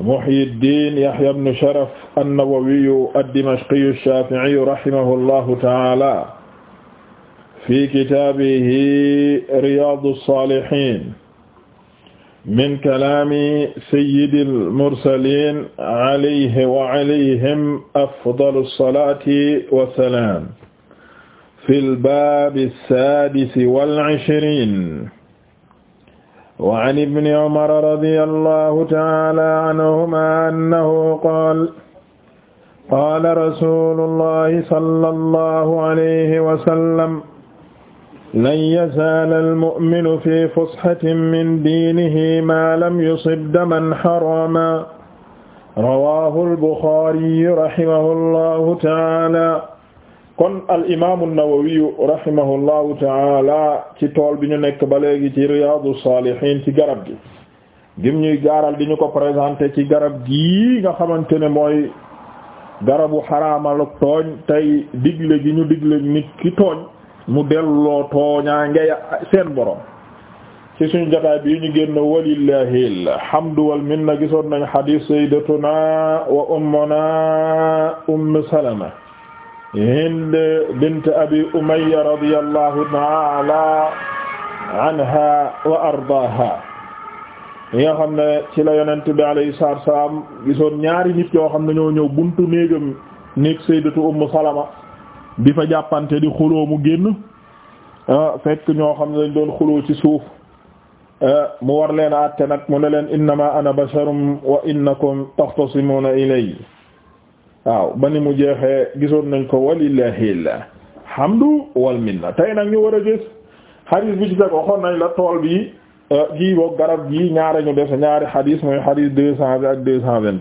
Muhyiddin Yahya ibn Sharaf an-Nawawiyu ad-Dimashqiyu ash-Shafi'iyu rahimahullahu ta'ala fi kitaabihi Riyaadu s-Saalihiin min kalaami sayyidil mursaliin alayhi wa alayhim afdalu salaati wa salaam fil baabi s-saadisi wal ishriin wa an ibni umar radiyallahu ta'ala anhuma annahu qaala qaala rasuulullahi sallallahu alayhi wa sallam lan yazaala al-mu'minu fi fushatin min diinihi maa lam yusib daman haraman rawaahu al-Buxaari rahimahullahu ta'ala kon al imaamu nawawiyu rahimahullahu taala ci tool bi ñu nekk ba léegi ci riyaadu saalihiin ci garab gi gim ñuy gaaral di ñu ko présenté ci garab gi nga xamante ne mooy garabu xaraamal tooñ tey digle gi ñu digle nit ki tooñ mu delloo tooñaa ngeya seen borom ci suñu jotaay bi ñu génn walillahi alhamdu wal minna gisoon nañ xadiis sayyidatuna wa ummuna umm salama Hind bint Abi Umayya radiyallahu ta'ala anha wa ardaaha yi xam ne ci la yonent bi alayhi salaatu wa gisoon ñaari nit yoo xam ne ñoo ñëw buntu néegam néeg Sayyidatu Ummu Salama di fa jàppante di xuloo mu génn ah, fekk ñoo xam ne dañ doon xuloo ci suuf ah, mu war leen a àtte nag mu ne leen innamaa ana basharun wa innakum taxtasimuuna ilayya waaw ba ni mu jeexee gisoon nañ ko walillahil hamdu wal minna tey nag ñu war a gis hadith bi ci teg waxoon nañ la tool bi kii euh, boog garab gii ñaare ñu def ñaari hadith mooy hadith deux cent vingt ak deux cent vingt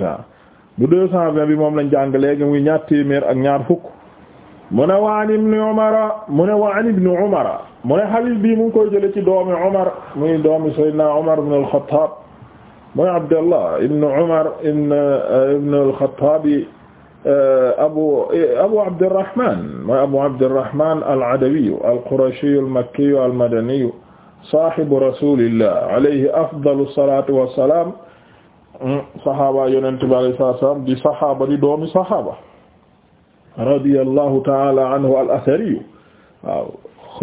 bu deux cent vingt bi moom lañ jàng léegi muy ñaar téeméer ak ñaar fukk mu ne wa an ibni umara mu ne wa an ibni umara mu ne hadith bii mu ngi koy jële ci doomi umar muy doomi sayyidina umar ibn al-khattab mooy ibn umar ibn euh, ibn al Euh, abu eh, abu abdirrahman mooy abu abdirrahman al-adawiyu al-qurashiyu al-makkiyu al-madaniyu saahibu rasulillah alayhi afdalu salaatu wa salaam hmm, saxaaba yonent bi alayhi salaatu wa salaam di saxaaba di doomi saxaaba radiyallahu ta'ala anhu al-athariyu waaw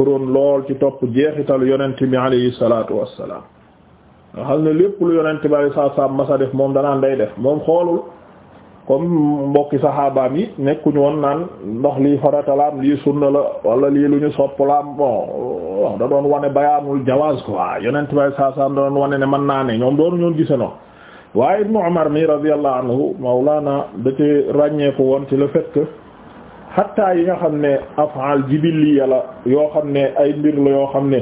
xuroon lool ci topp jeexital yonent bi alayhi salaatu wa salaam xam ne lépp lu yonent bi alayhi salaatu wa salaam masa def moom danaan day def moom xoolul. comme mbokki saxaabaam yi nekkuñu woon naan ndox lii faratalaam lii sunna la wala lii lu ñu soppalaam bon da doon wane bayaanul jawaaz quoi yonent bay saa da doon wane ne man naa ne ñoom doonu ñoo gise noonu waaye ibnu Umar mi radiyallahu anhu mawlaana da ci ràññee ko woon ci la fait que yi nga xam ne af'al jibilli yàlla yoo xam ne ay mbir la yoo xam ne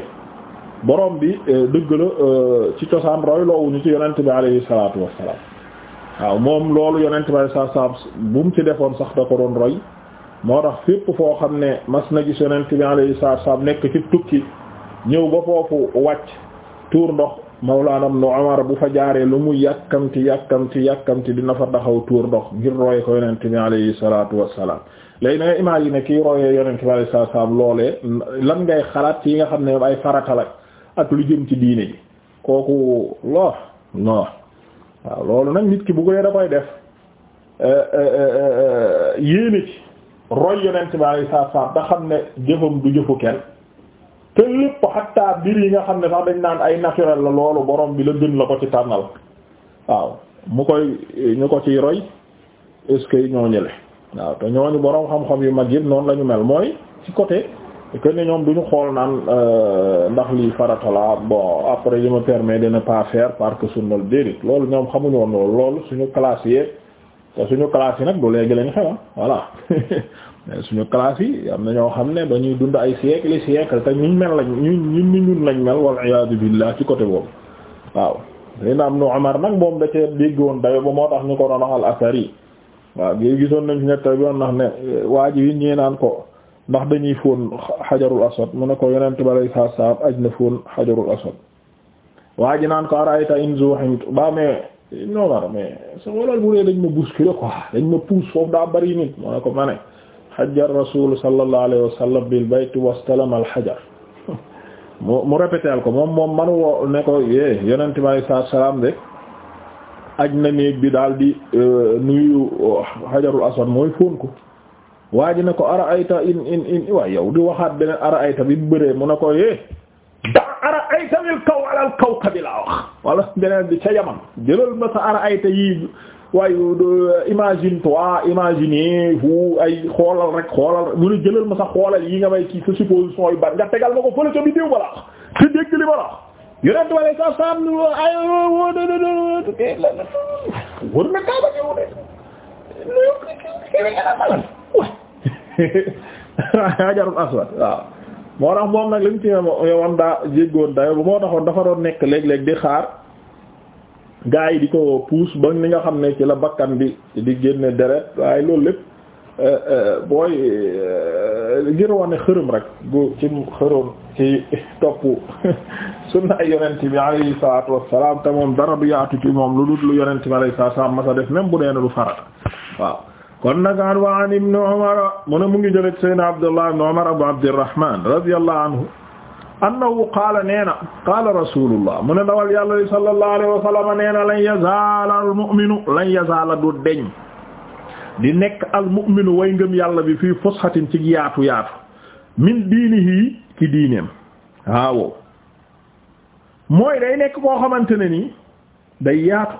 borom bi eh, dëgg la eh, ci cosaan roy loowu ñu ci yonent bi alayhi salaatu wassalaam waaw moom loolu yonent bay saa saab bu mu ci defoon sax da ko doon roy moo tax fépp foo xam ne mas na gis yonent bi alayhi salaatu salaam nekk ci tukki ñëw ba foofu wàcc tuur ndox mawlaanam nu Umar bu fa jaaree lu mu yàkkamti yàkkamti yàkkamti dina fa taxaw tuur ndox ngir roy ko yonent bi alayhi salaatu wassalaam léegi da ngay imaginer kii royee yonent bi alayhi salaatu salaam loolee lan ngay xalaat ci yi nga xam ne ay farata ak lu jëm ci diine ji kooku loo loo waaw loolu nag nit ki bu ko koy da koy def eh, eh, eh, yéene ci roy yonent bi alayhi salaatu salaam da xam ne jëfam du jëfu kenn te lépp xatta mbir yi nga xam ne sax dañ naan ay naturel la loolu borom bi la gën la ko ci tànnal waaw mu koy ñu ko ciy roy est-ce que ñoo ñële waaw te ñooñu borom xam-xam yu mag yëpp noonu lañu ñu mel mooy ci côté que ne ñoom duñu xool naan euh, ndax lii farata la bon après je me permets de ne pas faire parce que sunnal déedéet loolu ñoom xamuñu woon loolu loolu suñu classe yi te suñu classe yi nag du léegi lañ xewa ah, voilà suñu classe yi am na ñoo xam ne dañuy dund ay siècle siècle te ñuñ mel lañ ñu ñun ni ñun lañ mel wal iyaadu billah ci côté boobu waaw dina am nu Umar nag moom da cee woon dayo ba moo tax ñu ko doon waxal affaire yi waaw gi gisoon nañ fi ñett bi woon ndax ne waa ji wi naan ko ndax dañuy fóon xajarul aswad mu ne ko yenenti bi alayhi salaatu salaam aj na fóon xajarul aswad waa ji naan ko arayta in zuhim ba mais non war mais sa walal bu dee dañ ma bousculer ko dañ ma pousse foofu daa bari nit mu ne ko ma ne hajja rasul sallallahu alayhi wa sallam bil bayt wastalama al hajar mu mu ko moom moom manu woo ne ko yee yonent bi alayhi salaatu salaam de aj na néeg bi daal di euh, nuyu euh, xajarul aswad mooy fóon ko waa ji ne ko ara ayta in in in waaye yow di waxaat beneen ara ayta bi mu bëree mu ne ko eh da ara ayta bil kaw alal kaw kabi laa wax wala beneen bi ca yaman jëlal ma sa ara ayta yii waaye imagine toi imagine fu ay xoolal rek xoolal mu ne jëlal ma sa xoolal yi nga may kii sa supposition yu bari nga tegal ma ko fële ca biddiw ba la wax te dégg li ba la wax yonent wala sa sam ay wóor na kaaba ñëw de hajarul aswad waaw moo tax moom nag lim ci yowoon daa jéggoon moo taxoon dafa doon nekk léeg-léeg di xaar gaa yi di ko puus ba ni nga xam ne ci la bakkan bi di génne deret waaye loolu lépp eh, eh, booy eh, ngir wane xërëm rek bu ci xëroon ci topp sunna ay yonent bi alayhi salaatu wassalaam te moom dara du yaatu ci moom lu dul lu yonent bi alayhi salaatu wassalaam masa def même bu dee ne lu farat waaw kon nag an wa an ibn umar mu ne mu ngi jëlet saydna abdullah ibn umar abu abdirrahman radiyallahu anhu annahu qaala nee na qaala rasulullah mu ne dawal yàlla li sallallahu alayhi wa nee na lan yazaala al mu'minu lan yazaala du deñ di nekk al mu'minu way ngëm yàlla bi fii fushatin ci yaatu yaatu min diinihi ci diineem waaw mooy day nekk koo xamante ne nii day yaatu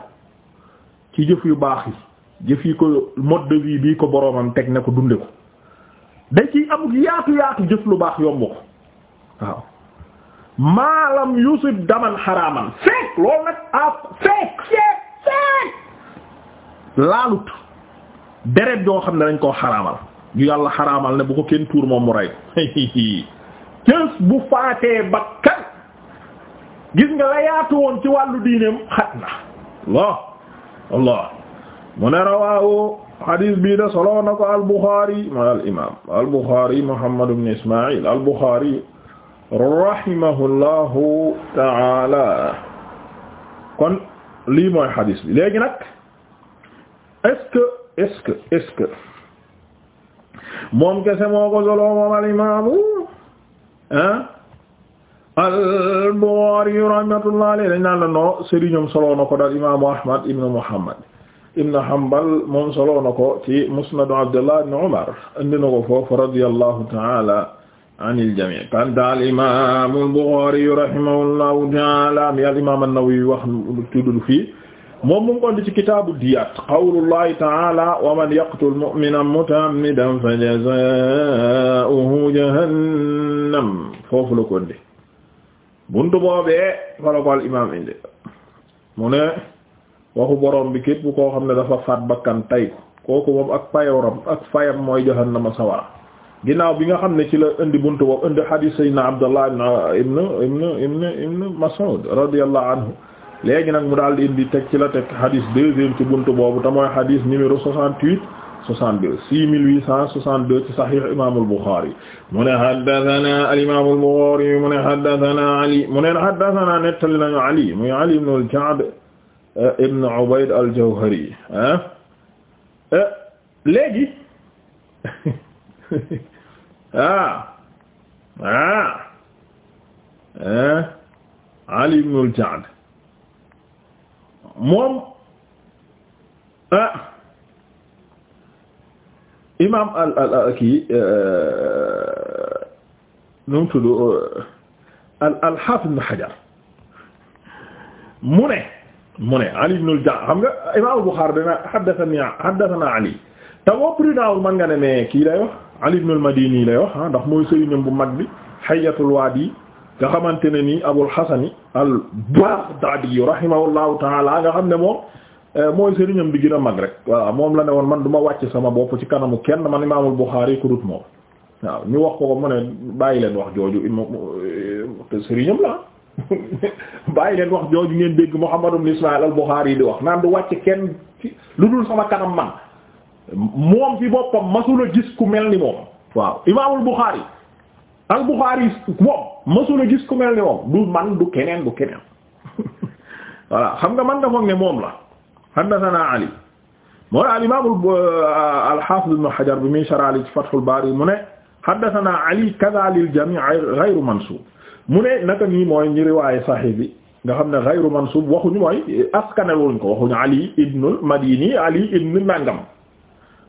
ci jëf yu baax yi jëf yi ko mode de vie bii ko boroomam teg ne ko dunde ko da ciy amul yaatu yaatu jëf lu baax yomb ko waaw maalam yusib daman xaraaman fekk loolu nag ah fekk fekk laalut deret joo xam ne dañ koo xaraamal yu yàlla xaraamal ne bu ko kenn tuur moom mu rey cës bu faatee bakkan gis nga la yaatu woon ci wàllu diineem xat na Allah Allah mu ne rawaahu xadis bii da soloo na ko al-Bukhari mooy al-imaam al-Bukhari Muhammad ibn Ismaïl al-Bukhari rahimahullahu ta'ala kon lii mooy xadis bi léegi nag est-ce que est-ce que est-ce que moom kese moo ko soloo moom al-imaam ah al-Bukhari rahmatullahi alayhi dañ naan la noo sëriñam soloo na ko daal imaamu Ahmad ibn Muhammad ibn Hanbal moom solo na ko ci musnad Abdullah ibn Umar indi na ko foofu radiyallahu ta'ala anil jami' kanta al imam al Bukhari rahimahullahu ta'ala mi al imam an-Nawawi wax tuddul fii moom mu ngi ko indi ci kitaabu diyaat qawlullahi ta'ala wa man yaqtul mu'minan muta'ammidan fajaza'uhu jahannam foofu la ko indi buntu boobee fa la ko al imam indi mu ne waxu borom bi képp koo xam ne dafa faat bakkan tay ko kooku moom ak payoram ak fayam mooy jahannama sawara ginnaaw bi nga xam ne ci la indi buntu boobu indi hadith sayyidina Abdallah ibn ibn ibn ibn Mas'ud anhu léegi nag mu daal di indi teg ci la teg hadith deuxième ci buntu boobu te mooy hadith numéro 68 62 6862 ci sahih imam al-Bukhari mu ne haddathana al-imam al-Bukhari mu ne haddathana Ali mu ne haddathana Eh, ibn Ubayd al-Jawhari ah eh, léegi ah ah ah Ali ibn al-Ja'd moom ah imaam al al al kii nu mu tudd al al Hafiz Ibn Hajar mu ne. mu ne Ali ibn al-Ja'd xam nga Imam Bukhari dana haddathani haddathana Ali te boo prudent man nga ne mais kii lay wax Ali ibn al-Madini lay wax ah ndax mooy sëriñam bu mag bi Hayyatul Wadi nga xamante ne nii Abul Hasan al-Baghdadi rahimahullahu ta'ala nga xam ne moom eh, mooy sëriñam bi gën a mag rek voilà moom la ne woon man du ma wàcc sama bopp ci kanamu kenn man Imamul Bukhari ku dut moom waaw ñu wax ko ko mu ne bàyyi leen wax jooju eh, te sëriñam la bàyyi leen wax jooju ngeen dégg Muhammad ibn Ismaïl al-Bukhari di wax naan du wàcc kenn ci lu dul sama kanam man moom ci boppam masula gis ku mel ni moom waaw imaamul Bukhari al-Bukhari masula gis ku mel ni moom du man du keneen du keneen voilà xam nga man nga foog ne moom la haddathana Ali moo al imaam euh, al-Hafiz ibn Hajar bi muy sarali ci Bari mu ne haddathana Ali kadha lil mansub mu ne naka nii mooy ñi riwaaye sahih bi nga xam ne ghayru mansub waxuñu mooy askanewuñ ko waxuñu ali ibnul madini ali ibn nangam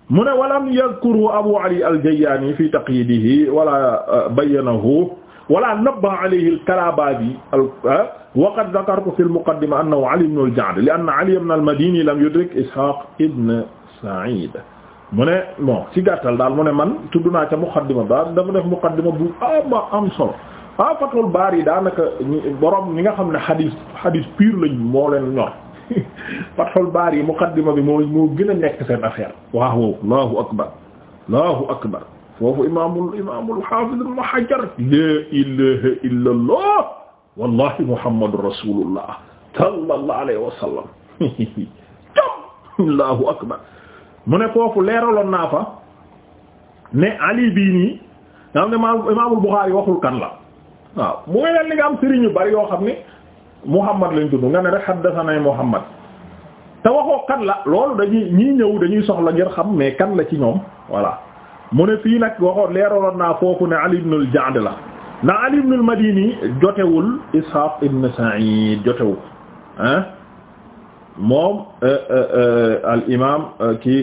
mu ne walam yadhkuru abu ali al-jayani fi taqyidihi wala uh, bayyanahu wala nabba alayhi al-kalabazi uh, wa qad dhakartu fi al-muqaddima annahu ali ibn al-ja'd li anna ali ibn al-madini lam yudrik ishaq ibn sa'id mu ne bon ci gàttal daal mu ne man tudd naa ca muqaddima ba dama def muqaddima bu ama am solo ah Fathul Bari daanaka borom ñi nga xam ne xadis xadis pur lañ moo leen ñor Fathul Bari muqaddima bi moo moo gën a nekk seen affaire waaw Allahu akbar Allahu akbar foofu imaamul imaamul xaafiz Ibn Hajar laa ilaaha illa Allah wallahi Muhammadu rasulullah sallallahu alayhi wa sallam tam Allahu akbar mu ne foofu leeraloon naa fa ne Ali bii nii nga xam ne imaamul Buxaari waxul kan la waaw mooy leen li nga am sëriñ yu bari yoo xam ne Muhammad lañ tudd nga ne rek haddasanay Muhammad te waxoo kan la lool dañuy ñii ñëw dañuy soxla ngir xam mais kan la ci ñoom voilà mu ne fii nag waxoon leeraloon naa foofu ne Ali ibn al-Ja'd la na Ali ibn al-Madini jotewul Ishaq ibn Sa'id jotewu moom euh, euh, euh, al imam kii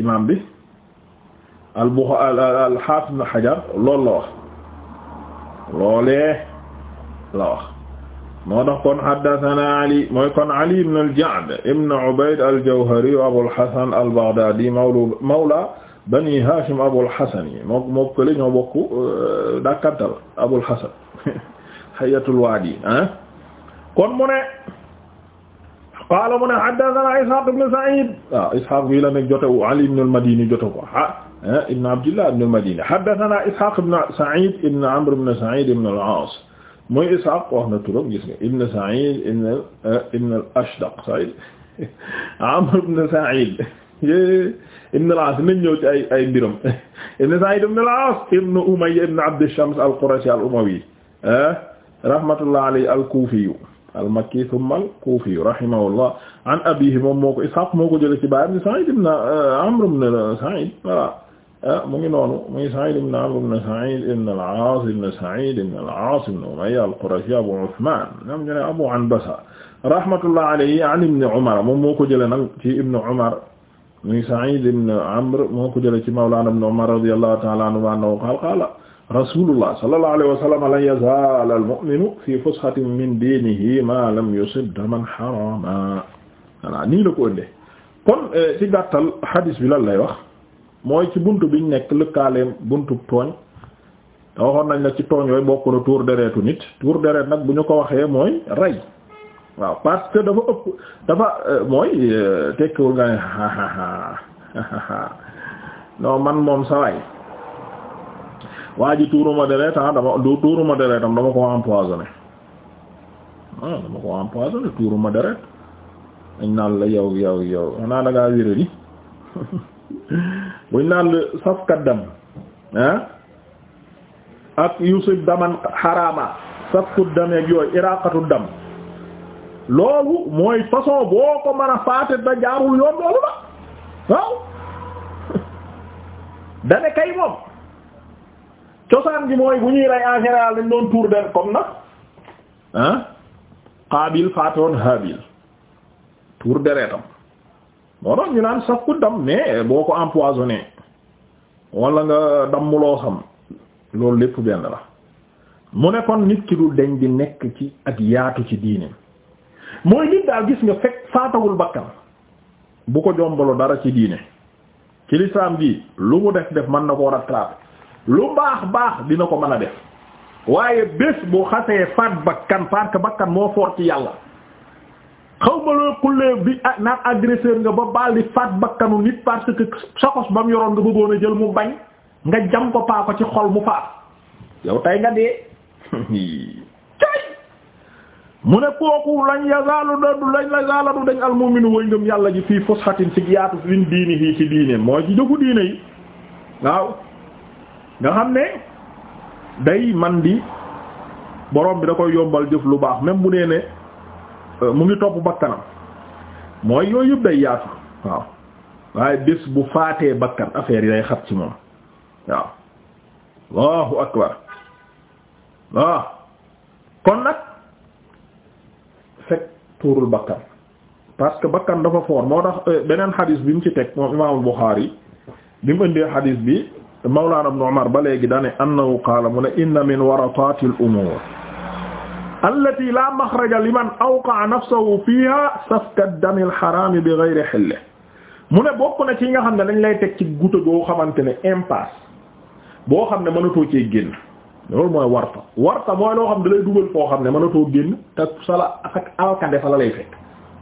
imam bi al Bukhari al Hafiz ibn Hajar loolu la wax loolee la wax moo tax kon haddathana ali mooy kon ali ibn al-Ja'd ibn Ubayd al-Jawhari Abul Hasan al-Baghdadi mawla bani Hashim Abul Hasan yi moo moo kële ñoo bokk euh, dàkkantal Abul Hasan hayatul waadi ah kon mu ne qaala mu ne haddathana Ishaq ibn Sa'id waaw ah, Ishaq bii la nekk jotewu Ali ibn al-Madini jote ko ah eh, ibn Abdillah ibn al-Madini haddathana Ishaq ibn Sa'id ibn Amr ibn Sa'id ibn al-As mooy Ishaq wax na turam gis nga ibn Sa'id ibn eh, ibn al-Ashdaq Sa'id Amr ibn Sa'id ibn al-As nañ ñëw ci ay ay mbiram ibn Sa'id ibn al-As ibn Umayya ibn Abd Shams al-Qurashi al-Umawi eh, rahmatullah alayhi al-Kufi al-Makki thumma al-Kufi rahimahullah an abihi moom moo ko Ishaq moo ko jëlee ci baayam Sa'id euh, ah, ibn Amr ibn Sa'id voilà mu ngi noonu muy Sa'id ibn Amr ibn Sa'id ibn al-Aas ibn Sa'id ibn al-Aas ibn Umayya al-Qurashi Abu Uthman ñoom ñu ne Abu Anbasa rahmatullah alayhi an ibn Umar moom moo ko jëlee nag ci ibn Umar muy Sa'id ibn Amr moo ko jëlee ci mawlana ibn Umar radiyallahu ta'ala anhu qaala rasulullah sallallahu alayhi wa sallam lan yazal al mu'minu fi fushatin min dinihi ma lam yusib daman harama voilà nii la ko ëndee kon eh, ci gàttal hadis bi lal lay wax mooy ci buntu biñ nekk lëkkaaleem buntu tooñ te waxoon nañ la ci tooñ yooyu bokk na tuur deretu nit tuur deret nag bu ñu ko waxee mooy rey waaw parce que dafa ëpp dafa eh, mooy eh, tekkiwul nga ne non man moom sa waa ji tuuruma deretam dama tuuruma deretam dama ko empoisonné ah dama ko empoisonné tuuruma deret dañ naan la yow yow yow xanaa da ngaa wéradi buñ naan la saf kaddam ah ak yusuf daman xaraama saf ku dameeg yooyu iraqatu dam loolu mooy façon boo ko mën faate da jaarul yoon loolu la waaw dane kay moom cosaan gi mooy bu ñuy rey en général dañ doon tuur der comme nag ah Qaabil faatoon Haabil tuur deretam moo tax ñu naan saf ku dam mais boo ko empoisonné wala nga dammuloo xam loolu lépp benn la mu ne kon nit ki du deñ di nekk ci ak yaatu ci diine mooy nit daal gis nga fekk faatawul bakkan bu ko jombalo dara ci diine ci lislaam gi lu mu def def mën na koo rattraper lu baax baax dina ko mën a def waaye bés bu xasee faat bakkan parce que bakkan moo foor ci yàlla xaw ma loo xullee bi ah, naan agresseur nga ba baal di faat bakkanu nit parce que sakos ba mu yoroon nga bëggoon a jël mu bañ nga jam ko paa ko ci xol mu faat yow tey nga dee cay mu ne kooku lañ la dadu lañ yazaalu dañ almu'minu way yàlla ji fii fushatin ci yaatu fi diini fii ci diine mooy ci jëfu yi waaw nga xam ne day man bi boroom bi da koy yombal jëf lu baax même bu nee ne euh, mu ngi topp bakkanam mooy yooyu yëpp day yaatu waaw waaye bés bu faatee bakkan affaire yi day xat ci moom waaw allahu akbar waaw kon nag fekk tuurul bakkan parce que bakkan dafa foor moo tax euh, beneen xadis bi mu ci teg moom imaamul Buxaari bi mu ëndee xadis bi Mawlana Ibn Umar ba léegi dane annahu qaala mu ne inna min waratati al-umuur allati la maxraja liman awqa'a nafsahu fiha safka ad-dami al-haraami bi ghayri hillihi mu ne bokk na ci nga xam ne dañ lay teg ci goutte goo xamante ne impasse boo xam ne mënatoo cee génn loolu mooy warta warta mooy loo xam ne da lay dugal foo xam ne mënatoo génn te sala ak alkande fa la lay fekk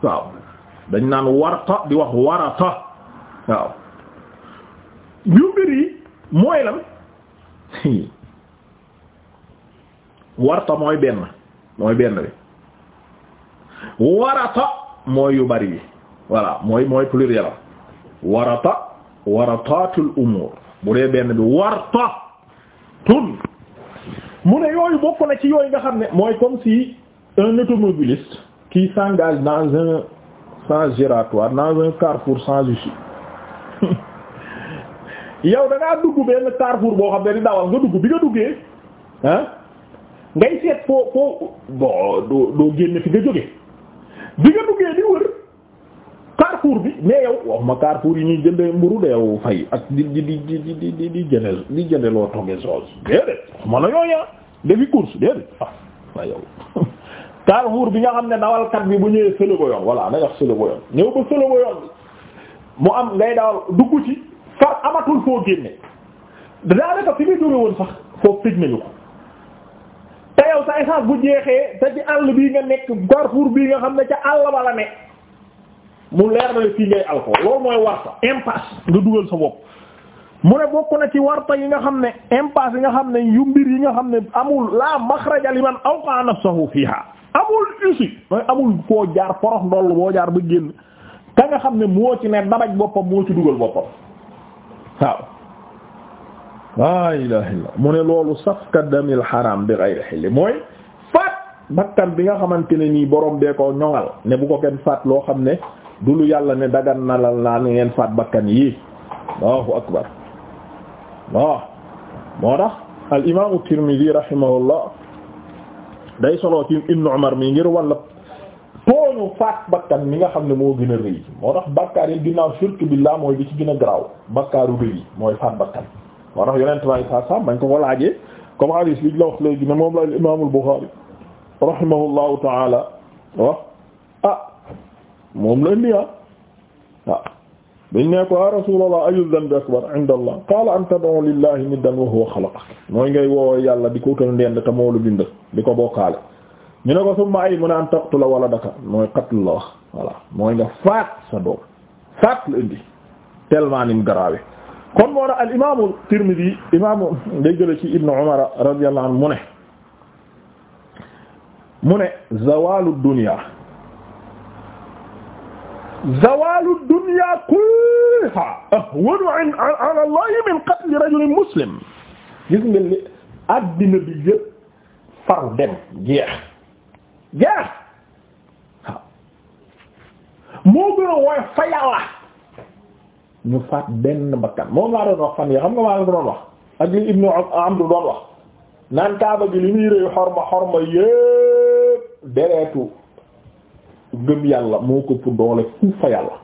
waaw dañ naan warta di wax warata waaw ñu mbir yi mooy lan warta mooy benn mooy benn bi warata mooy yu bari yi voilà mooy mooy pluriel warata warataatul umur bu dee benn bi warta tun mu ne yooyu bokk na ci yooyu nga xam ne mooy comme si un automobiliste qui s'engage dans un sens giratoire dans un carrefour sans issue yow da ngaa dugg benn carrefour boo xam ne di dawal nga dugg bi nga duggee ah ngay seet foo foo doo doo génn fi nga jóge bi nga duggee di wër carrefour bi mais yow wax ma carrefour yi ñuy jëndee mburu de yow fay di di di di di di di jëndee ah, ah, bi nga xam ne dawalkat bi bu ñëwee sële ko yoon voilà na nga wax sële ko yoon ñëw ba sële yoon mu am ngay dawal dugg ci. far amatul foo génne daanaka fi mu jóge woon sax foofu tëj nañu ko te yow sa essence bu jeexee te ci àll bii nga nekk Carrefour bii nga xam ne ca àll ba la ne mu leer na fii ngay alcool loolu mooy warta impasse nga dugal sa bopp mu ne bokk na ci warta yi nga xam ne impasse yi nga xam ne yu mbir yi nga xam ne amul la maxraja liman awqa nafsahu fiha amul ussi mooy amul foo jaar forox ndoll boo jaar ba génn ka nga xam ne moo ci ne dabaj boppam moo ci dugal boppam waaw laa ilaha illa mu ne loolu safka damil xaram bi ghayri hilli mooy faat bakkan bi nga xamante ne nii borom bee ko ñoŋal ne bu ko kenn faat loo xam ne du lu yàlla ne dagan na la naa ni ngeen faat bakkan yii allahu akbar waaw moo tax al imaamu Tirmidi rahimahullah day solo ci Ibnu Umar mi ngir walla tooñu faat bakkan mi nga xam ne moo gën a moo tax bakkaar yi ginnaaw shirk billah mooy bi ci gën a garaaw bakkaaru mooy faat bakkan moo tax yonent may saa saa bañ ko ko laajee comme hadis la wax léegi ne moom la imaamul Buxaari rahimahullahu taala wax ah moom la indi ah waaw ah, biñ ya rasulallah ayu dhanbi akbar inda allah lillahi niddan wa huwa xalaqak mooy ngay woo yàlla di ko utal ndend te moo lu bind di ko bokkaale ñu ne ko summa ay mu ne an taqtula waladaka mooy qatl la wax voilà mooy nga faat sa doom faat la indi tellement nim garaawe kon moo tax al imaamu Tirmidi imaamu day jële ci Ibnu Umar radiyallahu anhu mu ne mu ne zawalu dunya zawalu dunya kulluha ahwanu ala Allahi min qatli rajulin muslim gis nga li addina bi yëpp far dem jeex guerre waaw moo gën a woyof fa yàlla ñu faat benn bakkan moom laa doon wax fan yi xam nga maa la doon wax ak li ibnu Amdu doon wax naan kaaba gi li muy rëy xorma xorma yépp deretu gëm yàlla moo ko ëpp doole fu fa yàlla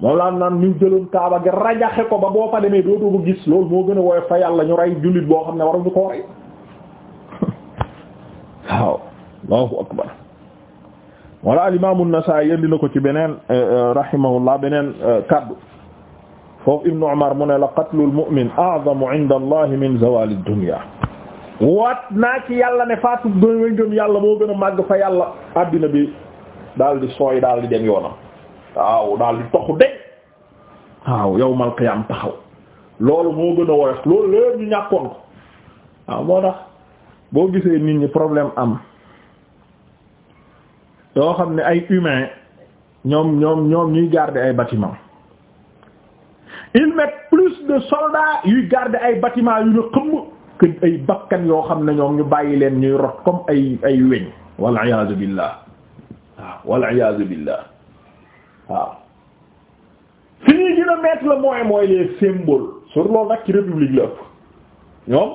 moom laa naan ñu jëloon kaaba gi rajaxe ko ba boo fa demee dootoo ko gis loolu moo gën a woyof fa yàlla ñu rey jullit boo xam ne waruñu ko rey waaw Allahu akbar wala al imam an-Nasa'i indi ko ci beneen eh, eh, rahimahullah beneen eh, kaddu foofu Ibn Umar mu ne la qatlul mu'min a'zamu 'inda Allah min zawal ad yàlla moo gën a màgg fa yàlla addina bi daal di sooy daal di dem yoonam waaw daal di toxu de waaw yawmal qiyaam taxaw loolu moo gën a woyof loolu léegi ñu ñàkkoon moo tax boo gisee nit ñi problème am yoo xam ne ay humains ñoom ñoom ñoom ñuy garder ay bâtiment ils mettent plus de soldats yuy garder ay bâtiment yu ñu xëmm que ay bakkan yoo xam ne ñoom ñu bàyyi leen ñuy rot comme ay ay weñ wal iyaazu billah waaw wal iyaazu billah waaw fi ñuy gën a mettre le mooy les symboles sur loolu nag ci république la ëpp ñoom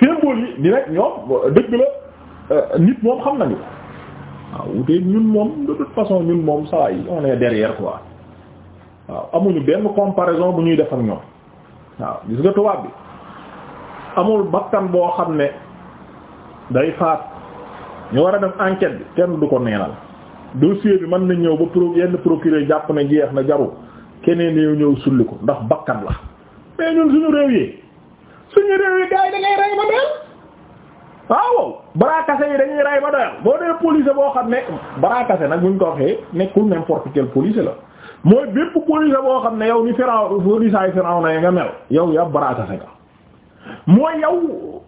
symbole yi ni nag ñoom dëgg la euh, nit moom xam nañu waaw ñun moom de toute façon ñun moom saa yi on est derrière quoi waaw amuñu benn comparaison bu ñuy def ak ñoom waaw gis nga tubaab bi amul bakkan boo xam ne day faat ñu war a def enquête bi kenn du ko neenal dossier bi mën na ñëw ba pro yenn procureur jàpp na jeex na jaru keneen yow ñëw sulli ko ndax bakkan la mais ñun suñu réew yi suñu réew yi gars yi da ngay ma mel Ah, waaw barakase yi dañuy rey ba doyal boo dee police boo xam ne barakase nag buñ ko waxee nekkul n'importe quel police la mooy bépp police boo xam ne yow ni firaw polisaay firaw na nga mel yow ya barakase nga mooy yow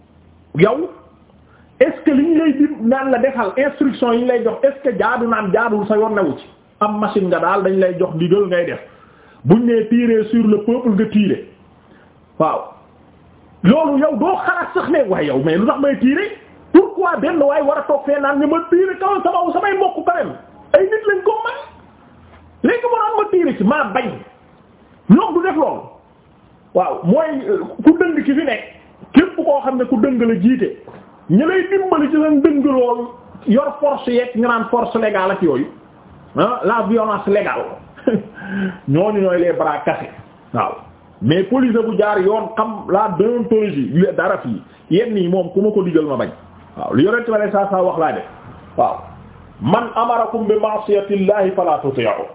yow est-ce li ñu lay di naan la defal instruction yi ñu lay jox est-ce que jaadu naan jaadul sa yoon newu ci am machine nga daal dañ lay jox di digal ngay def buñ nee tirer sur le peuple nga tirer waaw loolu yow doo xalaat sax ne waaye yow mais lu tax may tiire pourquoi benn waaye war a toog fee naan ne ma tiire kaw sama samay mbokk quand même ay nit lañ ko man léegi ma naan ma tiire ci maa bañ ñoom du def loolu waaw mooy euh, ku dëng ki fi nekk képp koo xam ne ku dëng la jiite ñu lay dimbali ci seen dëng loolu yor force yeeg ñu naan force légale yooyu ah, la violence légale ñooñu ñooy les bras waaw. mais police bu jaar yoon xam la déontologie dara fii yenn yi moom ku ma ko digal ma bañ waaw lu yonent saa saa wax laa def waaw man amarakum bi ma'siyatillahi fala tuti'u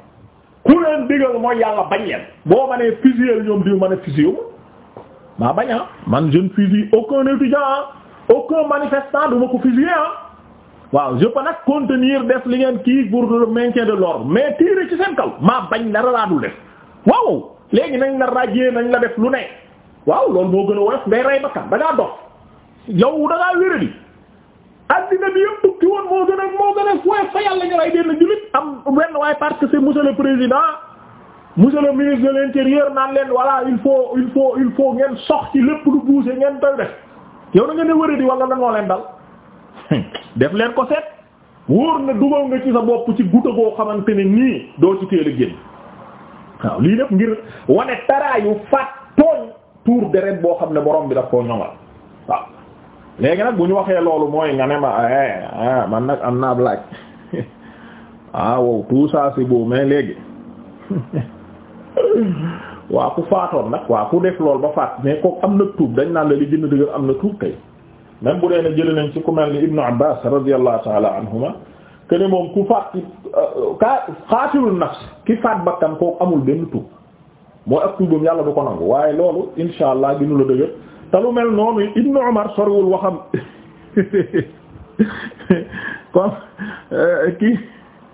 ku leen digal mooy yàlla bañ leen boo ma nee fusiller ñoom diw ma ne fusiller maa bañ ah man je ne fusille aucun étudiant ah aucun du ma ko fusiller ah waaw je peux nag contenir def li ngeen kii pour le maintien de l'ordre mais tirer ci seen kaw maa léegi nañ la rajee nañ la def lu ne waaw loolu moo gën a woyof ngay rey bakkan da ngaa dox yow da ngaa wéradi addina bi yëpp tukki woon moo gën a moo gën a woyof yàlla ñu rey benn jullit am wen waaye parce que c'est monsieur le président monsieur le ministre de l'intérieur naan leen voilà il faut il faut il faut ngeen sox ci lépp lu pousser ngeen doy def yow da ne wéradi wala lan moo leen dal def leen ko seet wóor na dugal nga ci sa bopp ci guta boo xamante ne nii doo ci waaw lii lépp ngir wane taraayu faat tooñ tuur deret boo xam ne boroom bi daf koo ñoŋal waaw léegi nag bu ñu waxee loolu mooy nga ne ma ah man nag am naa ab laaj ah wow tout ça mais léegi waa ku faatoon nag waa ku def loolu ba faat mais kooku am na tuub dañ naan la li gën dëgër am na tuub kay même bu dee ne jëlee nañ ci ku mel ni Ibnu Abbaas radiyallahu ta'ala anhuma que ne moom ku faat euh, ka xaatilul nafs ki faat bakkan kooku amul benn tuub mooy ak tuubam yàlla du ko nangu waaye loolu insha allah ginu la dëgër te lu mel noonu ibnu umar soriwul waxam kon euh, kii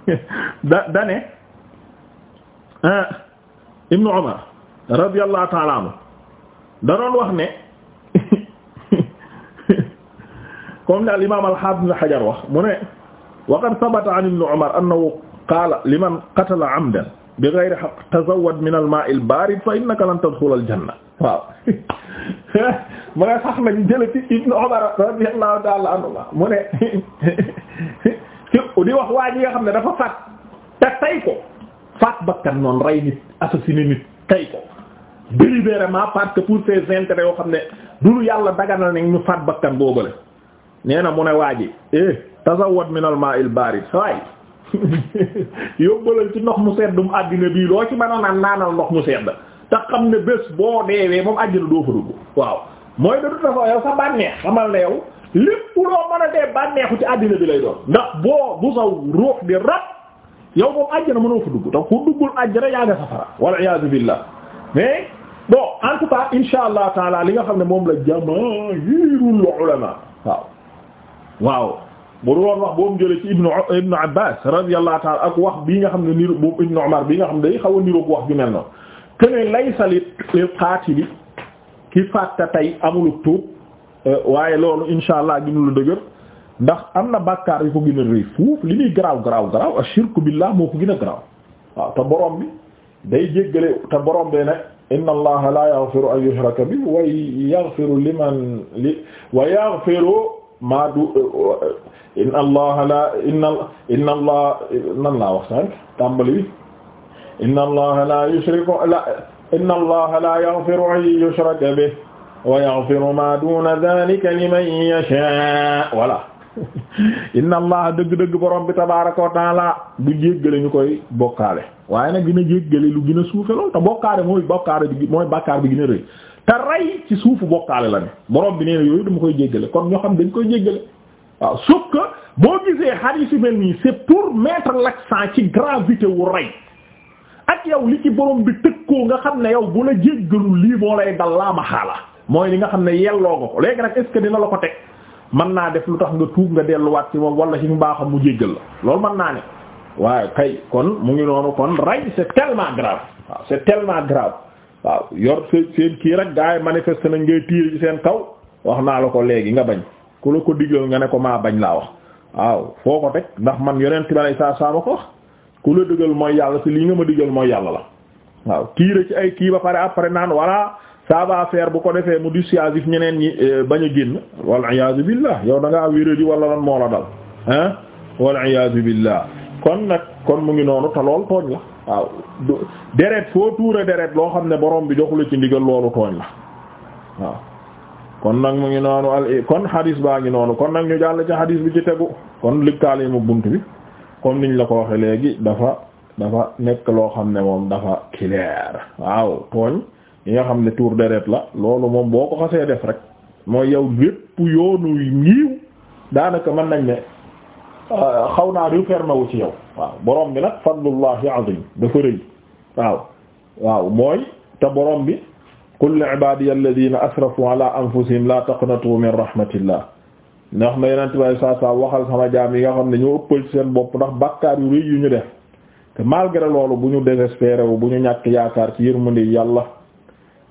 da dane ibnu umar radiyallahu ta'ala da doon wax ne comme ne al imam al hafiz ibn wax mu ne wa qad thabata an ibn Umar annahu qaala liman qatala amdan bi ghayri haqq tazawwad min al-maa'i al-baarid fa innaka lan tadkhula al-janna waaw mu ne sax nañ jële ci ibn Umar radiyallahu ta'ala anhuma mu ne di wax waa ji nga xam ne dafa faat te tay ko faat bakkan noonu rey nit assassiné nit tay ko délibérément parce que pour ses intérêts yoo xam ne du lu yàlla daganal ne ñu faat bakkan boobale nee na mu ne waaji eh tazawwad min al ma'il barid sawaay yóbbalal ci ndox mu seddum àddina bi loo ci man a naanal ndox mu sedd te xam ne bés boo deewee moom àjjana doo fa dugg waaw mooy da du dafa yow sa bànneex xamal ne yow lépp loo mën a dee bànneexu ci àddina bi lay doon ndax boo bu saw ruux di rab yow moom dugg te ku duggul àjjana yaa nga safara wal iyaazu billah mais bon en tout cas insha allah taala li nga xam ne moom la jamaahirul ulama waaw waaw bu doon wax boobu jëlee ci ibnu ibnu abbas radiyallahu ta'ala ak wax bii nga xam ne niru boobu ibnu umar bii nga xam ne day xaw a niroog wax bi mel noonu kene laysa li qaatili ki fàtta tey amulu tuub euh, waaye loolu insha allah ginu lu dëgër ndax am na bàkkaar yu ko gën a rëy fuuf li muy garaaw garaaw garaaw ashirku billah moo ko gën a garaaw waaw te borom bi day jéggale te borom bi ne inna allaha la yaghfiru an yushraka bihi wa yaghfiru liman li wa yaghfiru maa du inna allaha la inna allah nan laa wax sànq tàmbali bi la yushriku la inna la yaghfiru an yushraka bihi wa yaghfiru ma duna dhalika liman yasha voilà inna allaha dëgg-dëgg borom bi tabaaraka wa taala du jéggale koy bokkaale waaye nag dina jéggale lu gën a suufe lool te bokkaale mooy bokkaale bi mooy bàkkaar bi gën te rey ci suufu bokkaale la ne borom bi nee na yooyu dama koy jéggale kon ñoo xam dañ koy jéggale waaw sauf que boo gisee hadith yu mel nii c'est pour mettre l'accent ci gravité wu rey ak yow li ci borom bi tëkkoo nga xam ne yow bu la jéggalul lii moo lay dal laa ma mooy li nga xam ne yelloo nga ko léegi nag est dina la ko teg mën naa def lu tax nga tuub nga delluwaat ci moom wala ci mbaaxam mu jéggal la loolu mën naa ne waaye kay kon mu ngi noonu kon rey c'est tellement grave waaw c'est waaw yor seen seen kii rek gars yi manifester nañ ngay tiir ci seen kaw wax naa la ko léegi nga bañ ku la ko digal nga ne ko maa bañ laa wax waaw foo ko teg ndax man yonent bi saa saa ma ko wax ku la digal mooy yàlla si lii nga ma digal mooy yàlla la waaw tiire ci ay kii ba pare après naan voilà ça va bu ko defee mu dissuasif ñeneen ñi euh, bañ a génn wal iyaazu billah yow da ngaa wéradi wala lan moo la dal ah wal iyaazu billah kon nag kon mu ngi noonu te lool waaw deret foo tuure deret loo xam ne borom bi joxula ci ndigal loolu tooñ la waaw kon nag mu ngi noonu al kon hadis baa ngi noonu kon nag ñu jàll ci hadis bi ci tegu kon likkaale mu bunt bi comme niñ la ko waxee léegi dafa dafa nekk loo xam ne moom dafa clair waaw tooñ yi nga xam ne tuur deret la loolu moom boo ko xasee def rek mooy yow lépp yoonu yiiw daanaka mën nañ ne Euh, xaw naa riw fermé wu ci yow waaw borom bi nag fadlullahi azim dafa rëy waaw waaw mooy te borom bi qul li ibadiya alladhina asrafu ala anfusihim la taqnatu min rahmatillah ndax na yenent way saa saa waxal sama jaam yi nga xam ne ñoo ëppal ci seen bopp ndax bàkkaar yu rëy yu ñu def te malgré loolu bu ñu désespéré bu ñu ñàkk yaakaar ci yërmande yàlla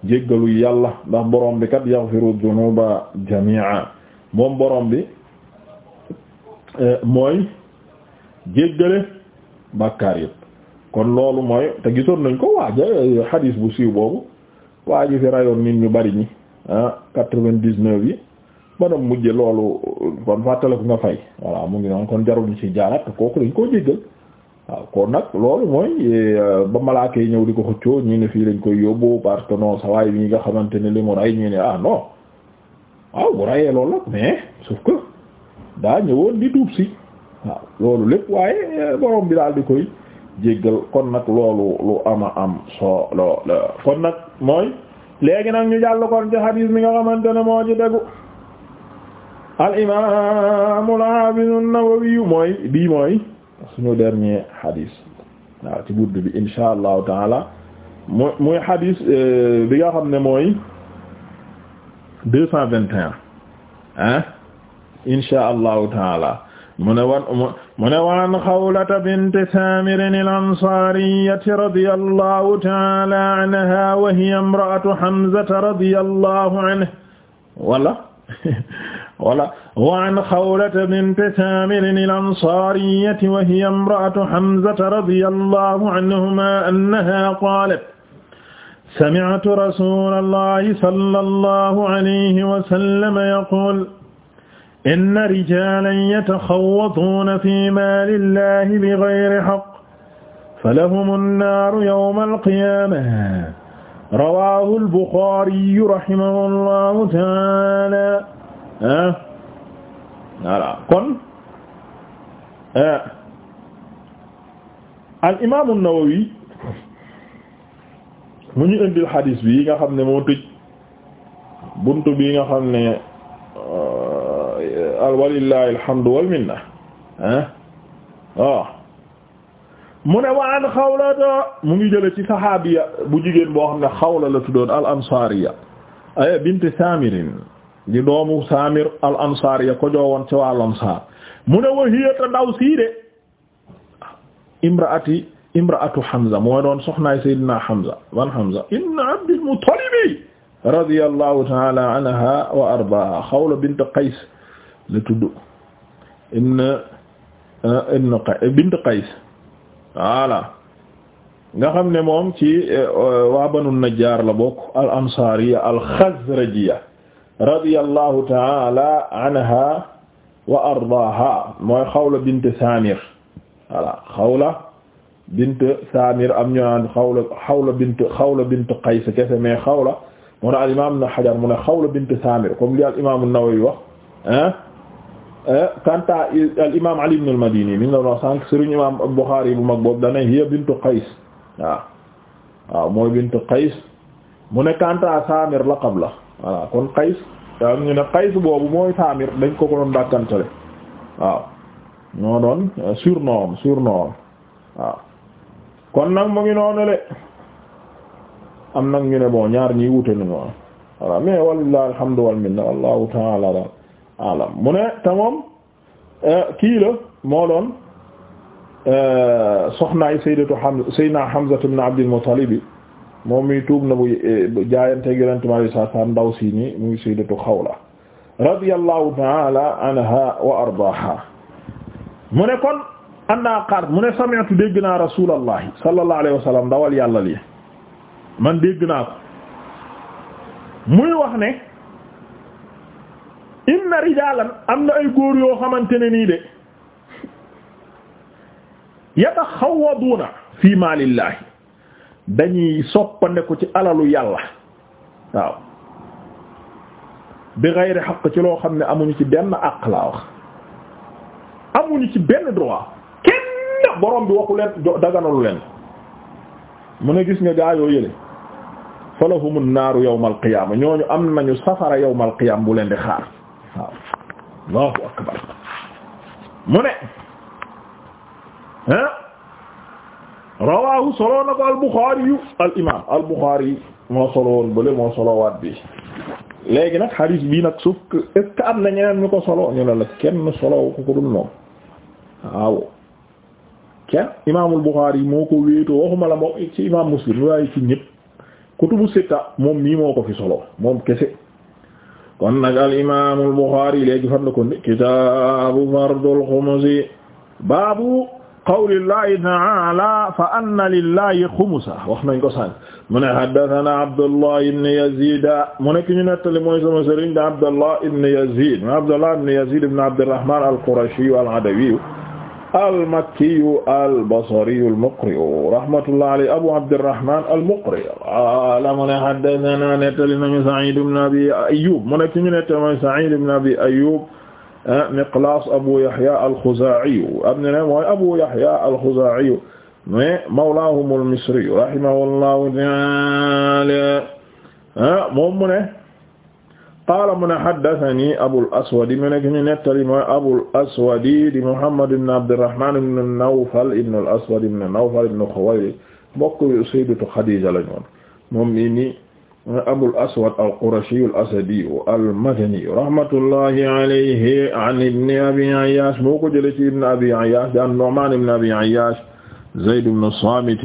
jéggalu yàlla ndax borom bi kat yaghfiru dhunuba jami'a moom borom bi Euh, mooy jéggale bàkkaar yëpp kon loolu mooy te gisoon nañ ko a euh, xadiis bu siiw boobu waa ji fi rayoon nit ñu bari ñi ah quatre-vingt-dix-neuf yi banam mujje loolu kon fàttale ko nga fay voilà mu ngi noonu kon jarul ñu ci jaaraat te kooku dañ ko jéggal waaw kon nag loolu mooy euh, ba malaaka yi ñëw di ko xëccoo ñu ne fii lañ koy yóbbu parce que non sa waay bi nga xamante ne li mu ray ñu ne ah non waaw bu rayee loolu la mais sauf que daa ñëwoon di tuub si waaw loolu lépp waaye eh, borom bi daal di koy jéggal kon nag loolu lu ama am soo loo kon nag mooy léegi nag ñu jàll kon ci hadis mi nga xamante ne moo ci déggu al imam al hafiz mooy bii mooy suñu dernier hadis waaw ci budd bi insha allahu taala mu muy hadis eh, bi nga xam ne mooy deux insha allahu taala mu ne wan mu ne waan xawlata binti saamirin al-ansaariyati radiyallahu taala anha wa hiya imra'atu hamzata radiyallahu anhu wala wala waan xawlata binti saamirin al-ansaariyati wa hiya imra'atu hamzata radiyallahu anhumaa annahaa qaalat sami'tu rasuulallahi sallallahu alayhi wa sallam yaquulu inna rijaalan yataxawwatuuna fi maali llaahi bigayri haqq falahumu nnaaru yawmal qiyaamah rawaahul buxaari rahimahullaahu ta'aala ah voilà kon al imaamu Nawawi mu ñu indil xadiis bi nga xam ne moo tëj buntu bi nga xam ne. walillahi alhamdu wal minna ah waaw mu ne wa an xawlata mu ngi jële ci saxaabiya bu jigéen boo xam ne xawla la tuddoon al ansaariya ay bint saamirin di doomu saamir al ansaariya ko joowoon ci waa al ansaar mu ne wa hiya ta ndaw sii de imraati imraatu Hamza mooy doon soxnaay Seydina Hamza wan Hamza ibn Abdil Muttalibi radiyallahu ta'ala anha wa ardaaha Xawla bint Qays la tudd ibn euh, ibn bint Qays voilà nga xam ne moom ci euh, waa Banu Najjaar la bokk al ansaariya al xazrajiya radiyallahu ta'ala anha wa ardaaha mooy Xawla bint Saamir voilà Xawla bint Saamir am ñu naan Xawla Xawla bint Xawla bint Qays kese mais Xawla moo na al imaam Ibn Hajar mu ne Xawla bint Saamir comme li al imaam An-Nawawi wax ah Eh, kanta al ali ibn madini mi ñu doon wax sànq sëriñ imam Bukhari bu mag boobu dana hiya bintu qays waaw waaw mooy bintu qays mu ne kanta samir laqab la voilà kon qays am ñu ne qays boobu mooy samir dañ ko ko doon dàkkantale waaw ñoo doon eh, surnom surnom waaw kon nag mu ngi noonule am nag ñu ne bon ñaar ñi wute nañu waaw voilà mais wallahi alhamdu wal wallahu ta'ala alam mu ne te moom euh, kii la moo doon euh, soxnaay sayyidatu Hamza sayyidina Hamza ibn Abdul Muttalib bi moom mi tuub na bu jaayante Yonent mi sallallahu alayhi wa sallam ndaw si ñi muy sayyidatu Xawla radiyallahu ta'ala anha wa ardaaha mu ne kon anna qaar mu ne sami'tu dégg naa rasulallahi sallallahu alayhi wa sallam dawal yàlla li man dégg naa ko muy wax ne inna rijaalan am na ay góor yoo xamante ne nii de yataxawaduuna fii maalillaahi dañuy soppandeku ci alalu yàlla waaw bi gayri xaq ci loo xam ne amuñu ci benn àq laa wax amuñu ci benn droit kenn borom bi waxu leen daganalu leen mu ne gis nga gaa yoo yële falahumun naaru yawmal qiyaama ñooñu am nañu safara yawmal qiyaama bu leen di xaar Allahu akbar mu ne ah rawahu soloo na ko al-Bukhari yu al imam al-Bukhari moo solowoon bale moo solowaat bi léegi nag xadiis bii nag suuf est ce que am na ñeneen ñu ko solo ñu ne la kenn solo ko ko dul noonu waaw kenn imaamul Bukhari moo ko wéetoo waxuma la moo ci imaam Muslim waaye ci ñëpp kutubu sitta moom mii moo ko fi solo moom kese kon nag al imam al Bukhari léegi fan la ko ndi kitaabu fardul xumusi baabu qawlillahi ta'ala fa anna lillahi xumusa wax nañ ko sànq mu ne haddathana Abdullah ibn Yazid mu nekk ñu nettali mooy sama sëriñ da Abdullah ibn Yazid Abdullah ibn Yazid ibn Abdurrahman al-Qurashi al-Adawi al-Makkiyu al-Basriyu al-Muqriyu rahmatullahi alayhi Abu Abdirrahman al-Muqri qaala mu ne haddathanaa nettali nañu Sa'iid ibn Abi Ayyuub mu nekk ñu nettali mooy Sa'iid ibn Abi Ayyuub ah, Miqlaas Abu Yahya al-Khuzaa'iyu am na ne mooy Abu Yahya al-Khuzaa'iyu mais mawlaahum al-Misriyu rahimahullahu ta'aala ah, moom mu ne qaala mu ne haddathani abul aswadi mu nekk ñu nettali mooy abul aswadi di muhammad ibn abdirrahman ibn nawfal ibn al aswad ibn nawfal ibn xuwaylid bokk sayyidatu xadiija lañu woon moom mii nii abul aswad al qurashi al asadi al madani rahmatullahi alayhi an ibn abi ayyash moo ko jëlee ci ibn abi ayyash an nu'man ibn abi ayyash zayd ibn saamit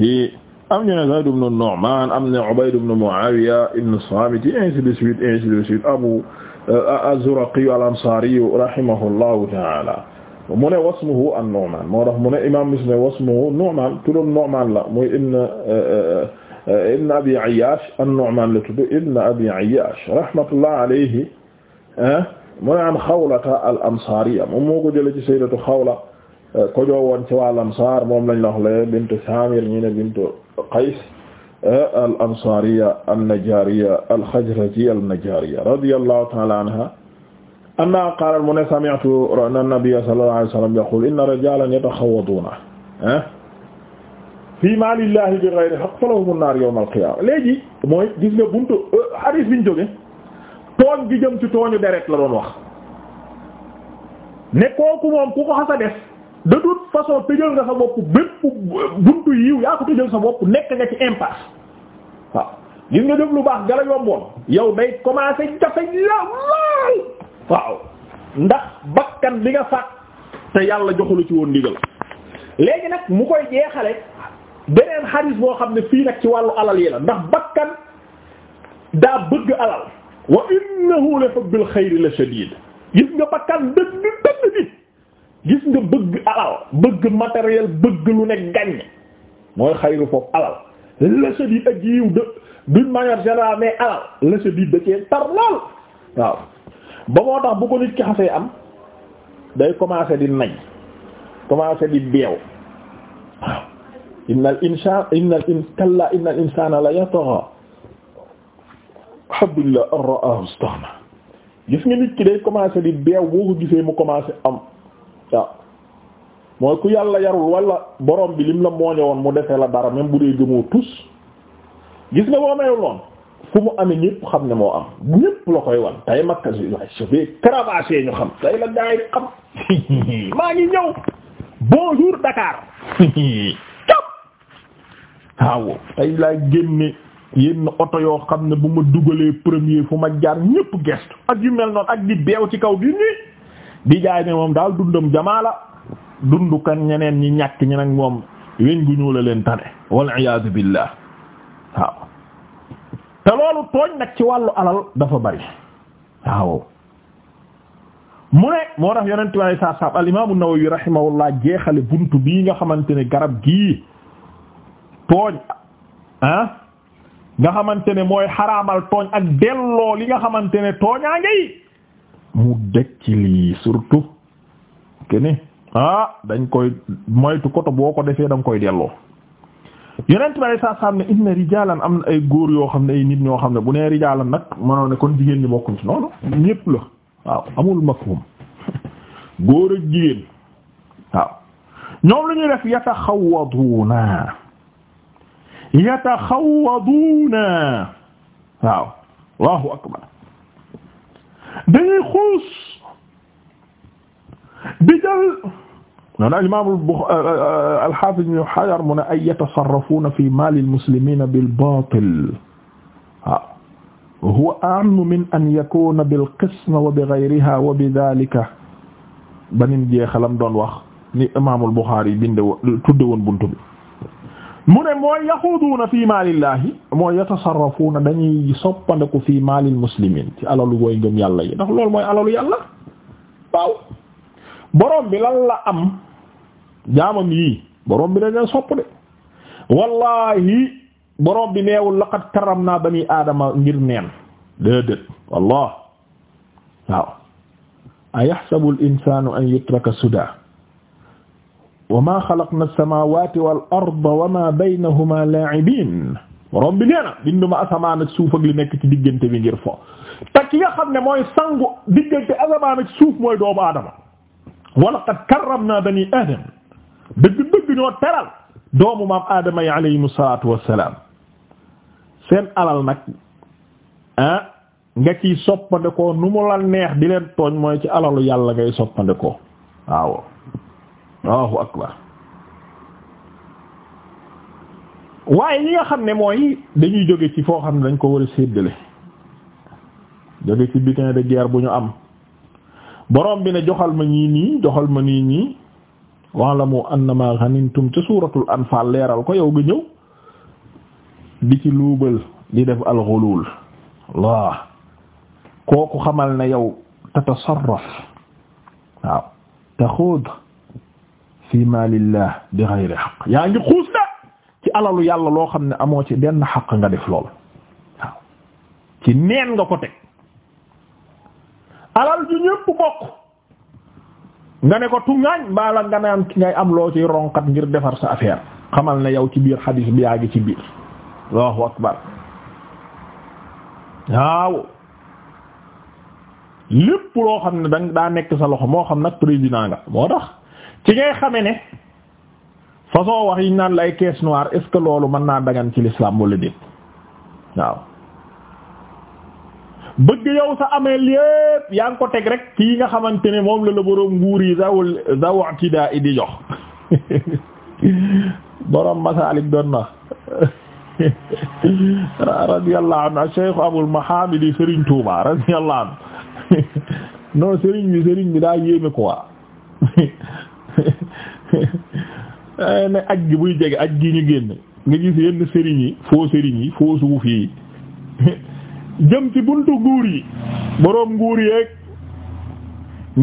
am ñu ne Zayd ibn Nu'man am na Ubayd ibn Muawiya ibn Samit ainsi de suite ainsi de suite Abu euh, az-Zuraqi al-Ansari rahimahullahu ta'ala mu ne wasmuhu an-Nu'man moo tax mu ne imam Muslim wasmuhu Nu'man turam Nu'man la muy ibn euh, euh, ibn Abi Ayyash an-Nu'man la tudd ibn Abi Ayyash rahmatullah alayhi mu ne an Xawlata al-Ansariya moom moo ko jëlee ci sayyidatu Xawla ko joowoon ci waa al-Ansar moom lañ la wax le bintu Samir ñi ne bintu qays ah, al ansaariya an-najjaariya al-xajrajiya an-najjaariya radiyallahu ta'ala anha anna qaalat mu ne sami'tu an-nabiyya sallallahu alayhi wa sallam yaqul inna rijaalan yataxawwaduuna ah, fii maali llaahi bi ghayri haqq falahumu naar yawmal qiyaama léegi mooy gis nga buntu euh, hadiis biñ jóge tooñ gi jëm ci tooñu deret la doon wax ne kooku moom ku ko xasa def de toute façon tëjal nga sa bopp bépp buntu yiw yaa ko tëjal sa bopp nekk nga ci impasse waaw gis nga def lu baax gala yomboon yow day commencer jafe la waay waaw ndax bakkan bi nga faat te yàlla joxulu ci woon ndigal léegi nag mu koy jeexale beneen xarit boo xam ne fii nag ci wàllu alal yi la ndax bakkan daa bëgg alal wa innahu li hubbil xayri la shadid gis nga bakkan dëgg dëgg bi gis nga bëgg alal bëgg matériel bëgg lu ne gàññ mooy xayru foofu alal lësët yi ak yiw de d'une manière générale mais alal lësët yi da cee tar lool waaw ba moo tax bu ko nit ki xasee am day commencer di nañ commencer di beew waaw innal insaan innal in kalla innal insaana la yatgha alhamdulillah an ra'ahu istaghnaa gis nga nit ki day commencer di beew boo ko gisee mu commencer am waaw mooy ku yàlla yarul walla borom bi lim na mooñe woon mu defee la dara même bu dee gëmoo tus gis nga boo mayul noonu fu mu amee ñëpp xam ne moo am ñëpp la koy wan tay makka si waaye su fee ñu xam tay la gaay di maa ngi ñëw bonjour Dakar top waaw tay laa génne yenn oto yoo xam ne bu ma dugalee premier fu ma jaar ñëpp gestu ak yu mel noonu ak di beew ci kaw bi nii di jaay moom daal dundam jamaa la ñeneen ñi ñàkk ñi moom weñ gu leen tane wal iyaadu billah waaw ci wàllu alal dafa bari waaw mu ne moo tax yonent bi saa saab al imaamu Nawawi rahimahullah jeexale buntu bii nga xamante ne garab gii tooñ ah nga xamante ne mooy xaraamal tooñ ak delloo li nga xamante ne tooñaa ngay mu dëkk ci lii surtout que ni ah dañ koy moytu koto boo ko defee danga koy delloo yonent bi saa saam ne inna rijaalan am na ay góor yoo xam ne ay nit ñoo xam ne bu nee rijaalan nag mënoo ne kon jigéen ñi bokkuñ ci noonu ñépp la waaw amul mafhum góor ak jigéen waaw ñoom lu ñuy def yataxawaduuna yataxawaduuna waaw allahu akbar dañuy xuus di jël noonu al imaam al haafiz ibn Hajar mu ne ay yatasarrafuuna fi maali al muslimiina bil baatil wa ah, huwa a'ammu min an yakuuna bil qisma wa bi ghayrihaa wa bi dhaalika banim jeexalam doon wax ni imaamul Buxaari binde tudde woon buntu bi mu ne mooy yaxuduuna fii maalillahi mooy yatasarrafuuna dañuy soppandeku fii maalil ci alalu booy ngëm yàlla yi ndax loolu mooy alalu yàlla bi am jaamam yii borom bi dañ leen wallahi borom bi neewul laqad karramnaa bani aadama ngir neen déedéet wallah waaw a yaxsabu an yutraka suda wa maa xalaqna as-samaawaati wal arda wa maa baynahumaa laa'ibiin borom bi nee na binduma asamaan ak suuf li nekk ci diggante bi ngir fo te ki nga xam ne mooy sangu diggante asamaan ak suuf mooy doomu aadama wa laqad karramnaa banii aadam dëgg-dëgg ñoo teral doomu ma aadama yi alayhimu salaatu wa alal nag ah nga ciy soppandekoo nu mu la neex di leen tooñ mooy ci alalu yàlla ngay soppandekoo waaw. Allahu akbar waaye ñi nga xam ne mooy dañuy jóge ci foo xam ne dañ ko war a séddale jóge ci butin de guerre bu ñu am boroom bi ne joxal ma ñii nii joxal ma nii nii wa'lamu annama ghanimtum ca suuratul anfaal leeral ko yow nga ñëw di ci luubal di def alxulul laa kooku xamal ne yow tatasarraf waaw taxuud fi maalillah bi ghayri haqq yaa ngi xuus na ci alalu yàlla loo xam ne amoo ci benn xaq nga def lool waaw ci neen nga ko teg alal ju ñépp bokk nga ne ko tungaañ baala nga naan ki ngay am loo ci ronkat ngir defar sa affaire xamal na yow ci biir xadiis bi yaa ngi ci biir Allahu akbar waaw lépp loo xam ne danga daa nekk sa loxo moo xam nag président nga moo tax ci ngay xame ne façon wax yi naan lay ay caisse noire loolu mën naa dagan ci l'islam wala déet waaw bëgg yow sa ameel yépp yaa ngi ko teg rek ci nga xamante ne moom la la boroom nguur yi zawul zawati daa i di jox boroom masaalik doon na radiyallahu anhu Cheikh Abul Mahamidi Serigne Touba radiyallahu anhu non Serigne bi Serigne bi daa yéeme quoi Eh, ne aj gi buy jege aj gi ñu génn nga gis yenn sëriñ yi foo sëriñ yi foo suufi yi jëm ci buntu nguur yi boroom nguur yeeg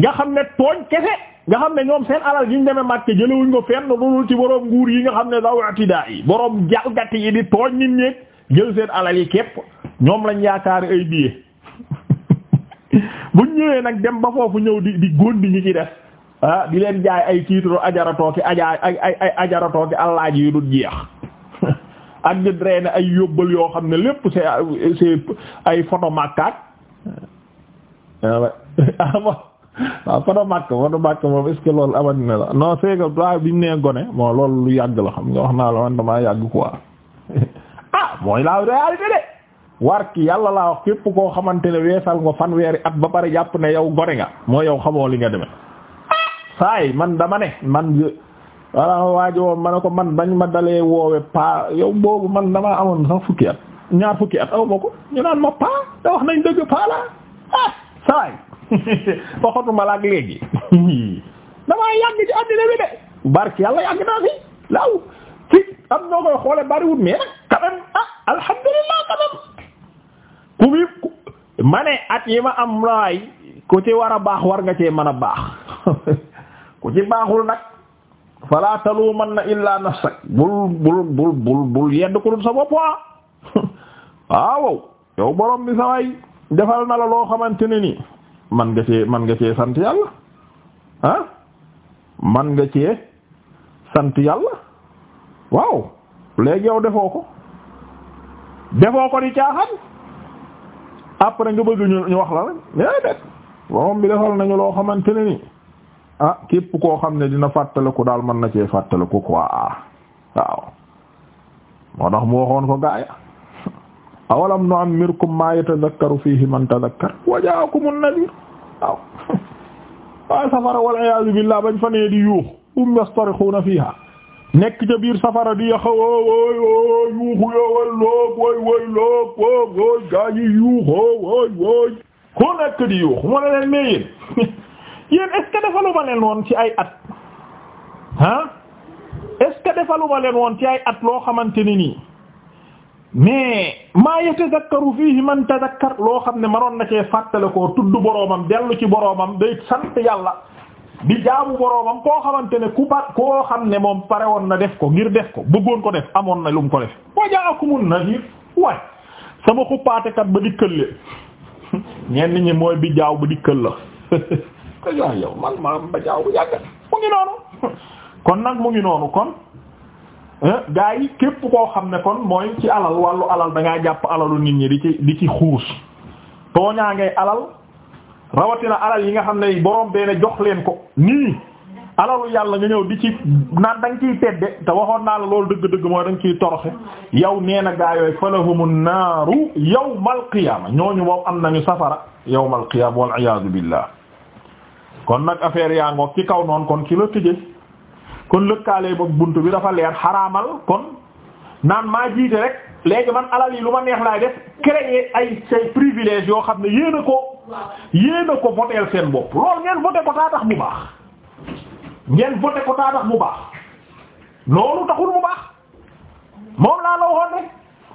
nga xam ne tooñ kese nga xam ne ñoom seen alal yi ñu demee màkke jëlewuñ ko fenn loolu ci boroom nguur yi nga xam ne daw atidaa yi boroom jalgati yi di tooñ nit ñeeg jël seen alal yi képp ñoom lañ yaakaari ay billets buñ ñëwee nag dem ba foofu ñëw di di góon di ñi ci def di leen jaay ay titre ajaratoo ki ajaay ay ay ay ajaratoo ki allaaj yu dul jeex ak di drainer ay yóbbal yoo xam ne lépp c'est c'est ay photo makkaat waaw ah, ah, ah, photo makk photo makk moom est-ce que ne la non c'est que toi bi mu nee gone bon loolu lu yàgg la xam nga wax naa la man damaa yàgg quoi ah mooy laa war ki yàlla laa wax képp koo xamante ne weesal nga fanweeri at ba pare jàpp ne yow gone nga moo yow xamoo li nga demee saay man dama ne man walla waajo woon ma ne ko man bañ ma dalee woowe paa yow boobu man dama amoon sax fukki at ñaar fukki at awma ko ñu naan ma paa da wax nañ dëgg paa laa ah saay waxatuma la ak léegi damaa yàgg ci àddina bi de barki yàlla yàgg naa fi law ci am noo koy xoole bariwut mais nag quand ah alhamdulillah quand ku ma ne at yi ma am laay ku ci war a baax war nga cee man a baax ku ci baaxul nag fala talumanna illa nafsak bul bul bul bul bul yedd ko dul sa bopp ah. waaw yow borom bi saway defal na la loo xamante ne ni man nga cee man nga cee sant yàlla ah man nga cee sant yàlla waaw léegi yow defoo ko defoo ko di caaxaan après nga bëgg ñu ñu wax la rek déedéet borom bi defal nañu loo xamante ne ni ah képp koo xam ne dina fàttaliku daal mën na cee fàttaliku quoi waaw moo tax mu waxoon ko gaaya awalam nu'ammirkum ma yatadhakkaru fihi man tadhakkar wa ja'akumun nadhir waaw waaye safara wal iyaazu billaah bañ fa nee di yuux um yastarixuuna fiiha nekk ca biir safara di yaxa woo wooy wooy yuuxu yowal loob wooy wooy loob woob wooy nekk di yuux mu ne leen mais yéen est-ce que leen woon ci ay at ah est-ce que leen woon ci ay at loo xamante ne nii mais maa yatazakkaru fiihi man tazakkar loo xam ne manoon na cee fàttale koo tudd boroomam dellu ci boroomam day sant yàlla di jaamu boroomam koo xamante ne ku ba koo xam ne moom pare woon na def ko ngir def ko bëggoon ko def amoon na lum ko def wa ja'akumun nadhir waay sama xuppaatekat ba dikkal leen ñenn ñi mooy bi jaaw ba dikkal la ko jox yow man ma ba jaaw mu ngi noonu kon nag mu ngi noonu kon eh, gaa yi képp koo xam ne kon mooy ci alal wàllu alal da jàpp alalu nit ñi di ci di ci xuus tooñaa ngay alal rawatina alal yi nga xam ne borom benn jox leen ko nii alalu yàlla nga ñëw di ci naan da nga ciy tedde te waxoon naa la loolu dëgg-dëgg mooy da nga ciy toroxe yow nee na gaa yooyu falahumun naaru yawmal qiyaama ñooñu moom am nañu safara yawmal qiyaama wal iyaadu billah kon nag affaire yaa ngoog ci kaw noonu kon ki la tëje kon lëkkaale ba buntu bi dafa leer xaraamal kon naan maa jiite rek léegi man alal yi lu ma neex laay def créer ay say privilège yoo xam ne yéen ko yéen a ko voteel seen bopp loolu ngeen voté ko taa tax mu baax ngeen voté ko taa tax baax loolu mu baax moom laa la waxoon rek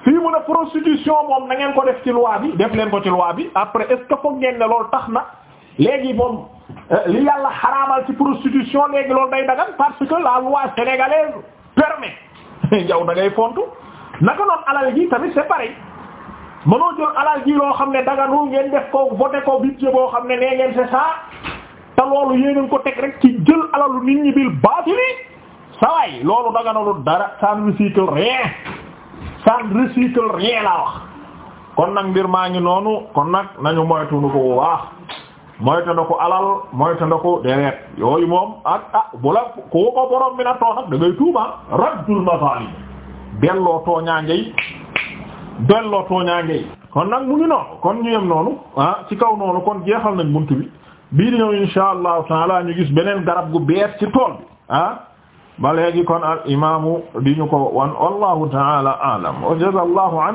fii mu ne prostitution moom na ngeen ko def ci loi bi def leen ko ci loi bi après est-ce que ngeen ne loolu tax na léegi moom Euh, li yàlla xaraamal ci prostitution léegi loolu day dagan parce que la loi sénégalaise permet yow da ngay fontu noonu alal ji tamit c'est mënoo jël alal ji loo xam ne daganul ngeen def ko voté ko budget boo xam ne nee ngeen c'est ça te loolu yéen ko teg rek ci jël alalu nit ñi bil baatili sawaay loolu daganalul dara ça ne rien ça ne rien laa wax kon nag mbir maa ngi noonu kon nag nañu moytu nu ko bu moytandiku alal moytandiku deret yooyu moom ak ah bu la ku ko borom bi na too nag da ngay tuuba raddul mazalim delloo tooñaange yi delloo tooñaange yi kon nag mu ngi noonu kon ñu yem noonu ah ci kaw noonu kon jeexal nañ bunt bi bii di ñëw insha taala ñu gis beneen garab gu bees ci tool bi ah ba kon al imaamu di ñu ko wan wallahu taala alam wa an